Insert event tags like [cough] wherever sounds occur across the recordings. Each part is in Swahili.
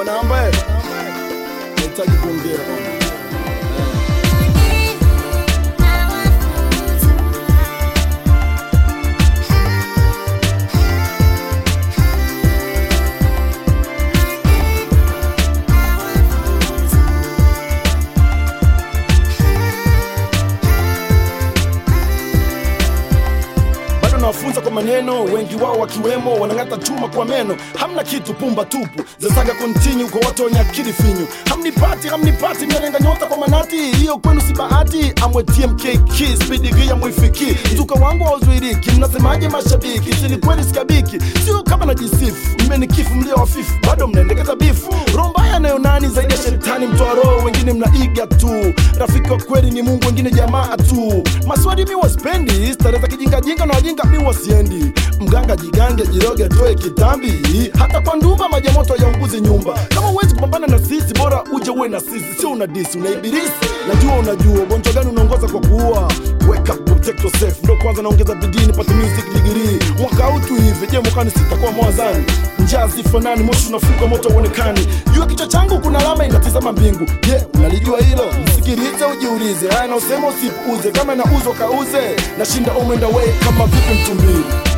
Bwana ambaye nahitaji kuongea bwana kujifunza kwa maneno, wengi wao wakiwemo wanang'ata chuma kwa meno. Hamna kitu, pumba tupu zasaga continue kwa watu wenye akili finyu. Hamnipati, hamnipati, mnalenga nyota kwa manati, hiyo kwenu si bahati. Amwe TMK ki spidi ya mwifiki mtuka wangu hauzuiriki. Mnasemaje mashabiki? Sili kweli sikabiki, sio kama najisifu. Mmenikifu mlio wafifu, bado mnaendekeza bifu. Roho mbaya nayo nani zaidi ya shetani mtoa roho wengine mnaiga tu. Rafiki wa kweli ni Mungu, wengine jamaa tu. Maswali mi waspendi, starehe za kijingajinga na wajinga mi wasiendi. Mganga jigange, jiroge, toe kitambi, hata kwa ndumba majamoto unguzi nyumba. Kama uwezi kupambana na sisi, bora uje uwe na sisi, sio una disi, una ibilisi. Najua unajua ugonjwa gani unaongoza kwa kuua. Wake up, protect yourself. Ndo kwanza naongeza bidii nipate music degree. Mwaka utu hivi, je, mwakani sitakuwa mwazani? Njaa zifanani, moshi unafuka moto uonekani kichwa changu kuna lama inatizama mbingu. Je, yeah, unalijua hilo? Msikilize ujiulize, haya nausema usipuuze, kama na uzo kauze, nashinda umwenda wei kama vipi mtumbili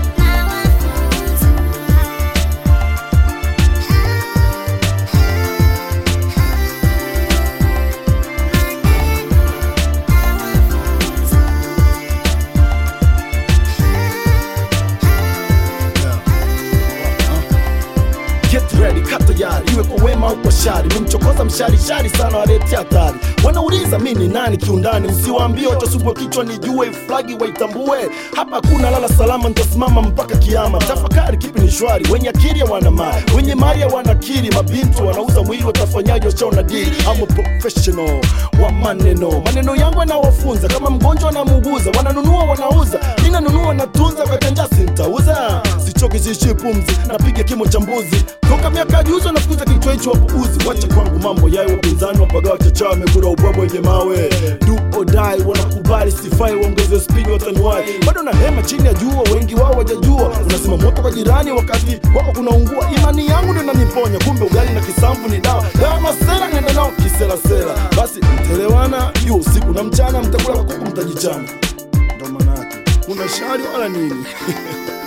ready kaa tayari, iwe kwa wema au kwa shari, nimchokoza shari sana waleti hatari. Wanauliza mi ni nani kiundani, msiwaambie watasumbua kichwa, nijue iflagi waitambue. Hapa kuna lala salama, ntasimama mpaka kiama. Tafakari kipi ni shwari, wenye akili ya wana wenye mali ya wanakiri. Mabintu wanauza mwili, watafanyaje? Washaona dili. I'm a professional wa maneno, maneno yangu yanawafunza kama mgonjwa na muuguza. Wananunua wanauza, ninanunua natunza nizidishie pumzi, napiga kimo cha mbuzi toka miaka juzo, nafukuza kichwa hicho wapuuzi. Wacha kwangu mambo yayo, wapinzani wapaga chacha wamekula ubwabwa wenye mawe. Do wanakubali sifai, waongeze spidi, watanuai bado na hema chini ya jua, wengi wao wajajua. Unasema moto kwa jirani, wakati wako kunaungua. Imani yangu ndo inaniponya, kumbe ugali na kisamvu ni dawa. Dawa masera nienda nao kiserasera, basi mtelewana Hiyo usiku na mchana mtakula kakuku mtajichana. Ndo manake kuna shari wala nini? [laughs]